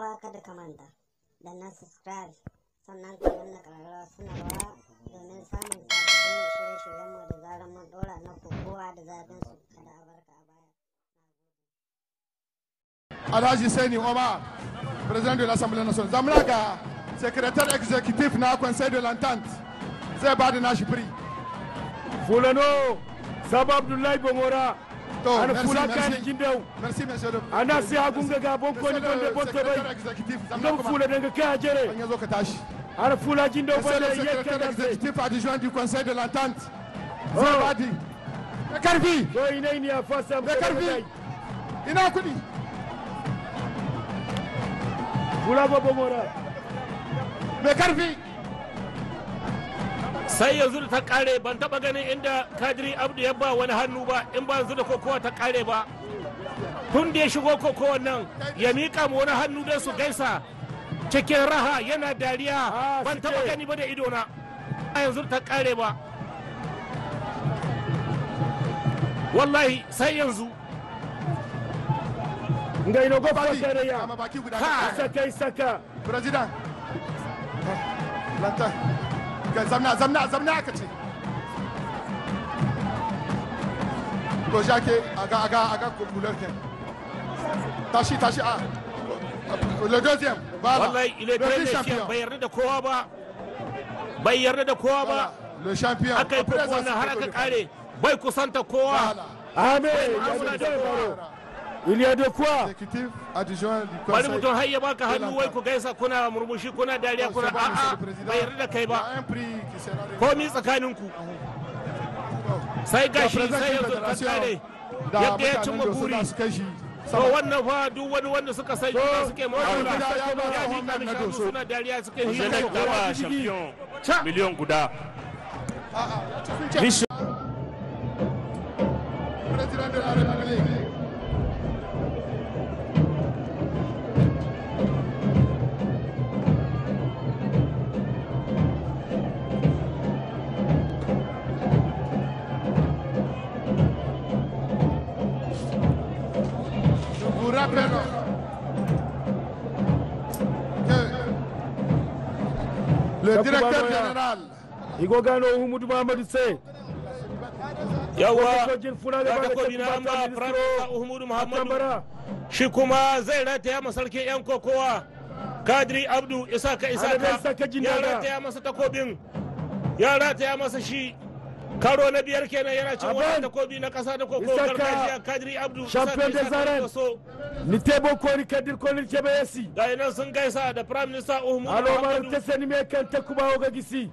uwa da kamanta da na subscribe sannan ka danna ƙararrawa sanarwa domin samun sabbin shirye-shiryenmu da zarar mun ɗora na kowa da zafin su kada a barka a baya. Alhaji saini Omar, President de l'Assemblée nationale. Zamla ga Secrétaire exécutif na Conseil de l'Entente zai ba da nashi firi. Fulano, Sabu Abdullahi Bongora, ana fulakani kindew ana siha gunga ga bonkoni bonde bonto bay ngam fula danga kaya jere ana fula jindew bayde yekkanae zabadi da karfi so inai ni a fasa da karfi ina kudi kula babban mora da karfi sai yanzu da ta kare ban taba ganin inda kadiri abdu ya ba wani hannu ba in ba yanzu da kokowa ta kare ba tun da ya shigo kokowa nan ya miƙa mu wani hannu don su gaisa cikin raha yana dariya ah, ban taba gani ba da idona a yanzu ta kare ba wallahi sai yanzu ga ino gofa kare ya ha sakai saka president ga zamna zamna zamna ce aga aga aga kular tashi tashi a le deuxième voilà wallahi da kowa ba bai da kowa ba le champion akai ko wannan har aka kare bai kusanta kowa kowa. Il y bari mutum har ya baka hannu wai ku gaisa kuna murmushi kuna dariya kuna a'a bai yarda da kai ba komi tsakaninku ah sai gashi sai yanzu ka kare yadda ya cimma buri to wannan fa duk wani wanda suka sai juna suke mawala ya ji kan shanu suna dariya suke hira da kowa miliyon guda le directeur général igo gano humudu mamadou sey yawa daga kodinan ma franco humudu muhammadu shi kuma zai rataya masarkin yan kokowa kadiri abdu isaka isaka ya rataya masa takobin ya rataya masa shi karo na biyar kenan yana cin wani kobi na kasa da koko gargajiya kadiri abdu champion da zaren ni tebo koni kadir ni jebe yasi da ina sun gaisa da prime minister uhmu alo mar ta sani me kan ta kuma ga gisi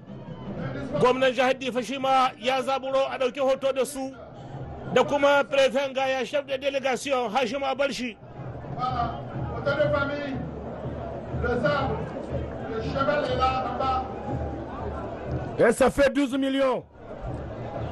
gwamnan jihar difa shi ma ya zaburo a dauki hoto da su da kuma prefen ga ya de delegation hashim abarshi Et ça fait 12 millions.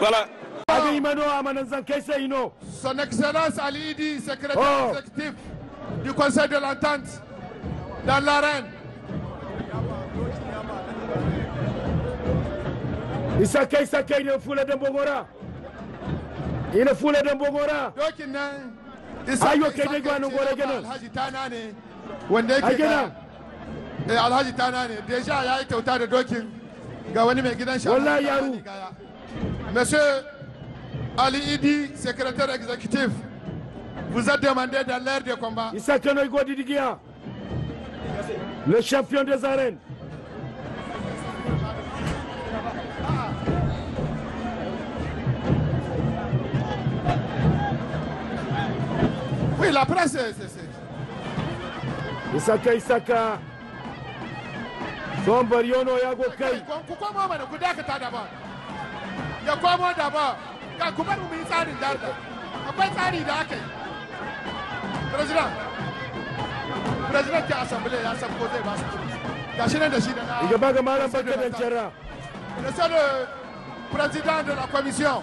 Voilà. Son Excellence Ali secrétaire oh. exécutif du Conseil de l'Entente dans l'arène. Isakei Il ne foule de Bogora. Il est foule de Bogora. ayo kai dai gwanin gore gana alhaji tana ne wanda yake gana eh alhaji tana ne da ya yi kyauta da dokin ga wani mai gidan sha wallahi yaro monsieur Ali Idi secrétaire exécutif vous êtes demandé dans l'air des combats Issa Kanoy Godidigia le champion des arènes la presse, sombrio Isaka, Isaka. Sombar Yono ya go kai. Ku kwamo a ku dakata da ba. Ya kwamo da da aka yi. President. President ke assembly da shi da le président de la commission.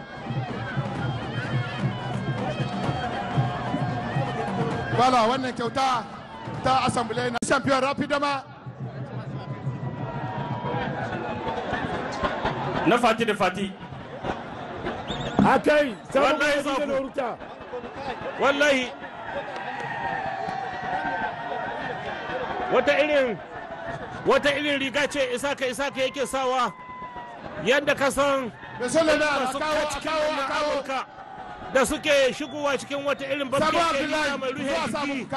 bala wannan kyauta ta assembly na champion rapidama na fati da fati a kai wallahi wallahi wata irin wata irin riga ce isa ka isa ka yake sawa yadda ka san da sun da kawo kawo kawo da suke shigowa cikin wata irin babbar mai ruhe jiki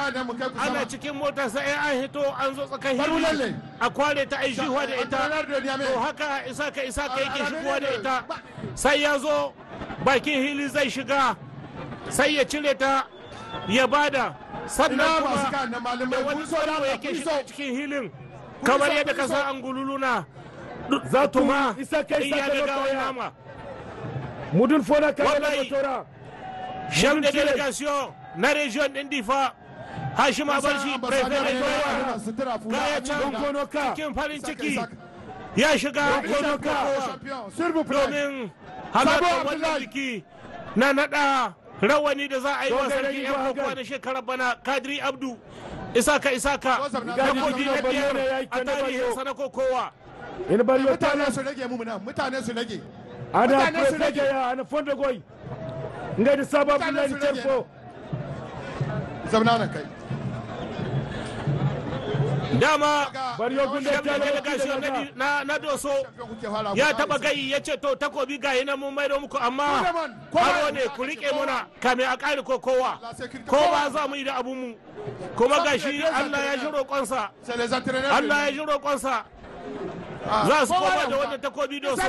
ana cikin mota sai eh, an hito an zo tsakan hiri a kware ta ai shihuwa da ita to haka isa ka isa ka yake shigowa da ita sai ya zo bakin hili zai shiga sai ya cire ta ya bada sannan kuma da wani tsoro yake shiga cikin hilin kamar yadda ka san an za zato ma in ya ga gawa nama mudun fona kare da tora chef de délégation na région ɗin difa hashim abarshi prefet mai kowa kaya cikin farin ciki ya shiga konoka domin halartar wannan biki na naɗa rawani da za a yi wa sarki yan kokowa da shekarar bana kadri abdu isaka isaka dabbobi na biyar a tarihin sana kokowa mutane su rage mumuna mutane su rage ana rage ya ana fonda ngadi sababu lani tempo zamnana kai dama na na doso ya taba gai ya ce to takobi gayi na mun maido muku amma kwaro ne ku rike muna kame a kare ko kowa ko ba za mu yi da abun mu kuma gashi Allah ya ji roƙonsa Allah ya ji roƙonsa ah. za su koma da wannan takobi doso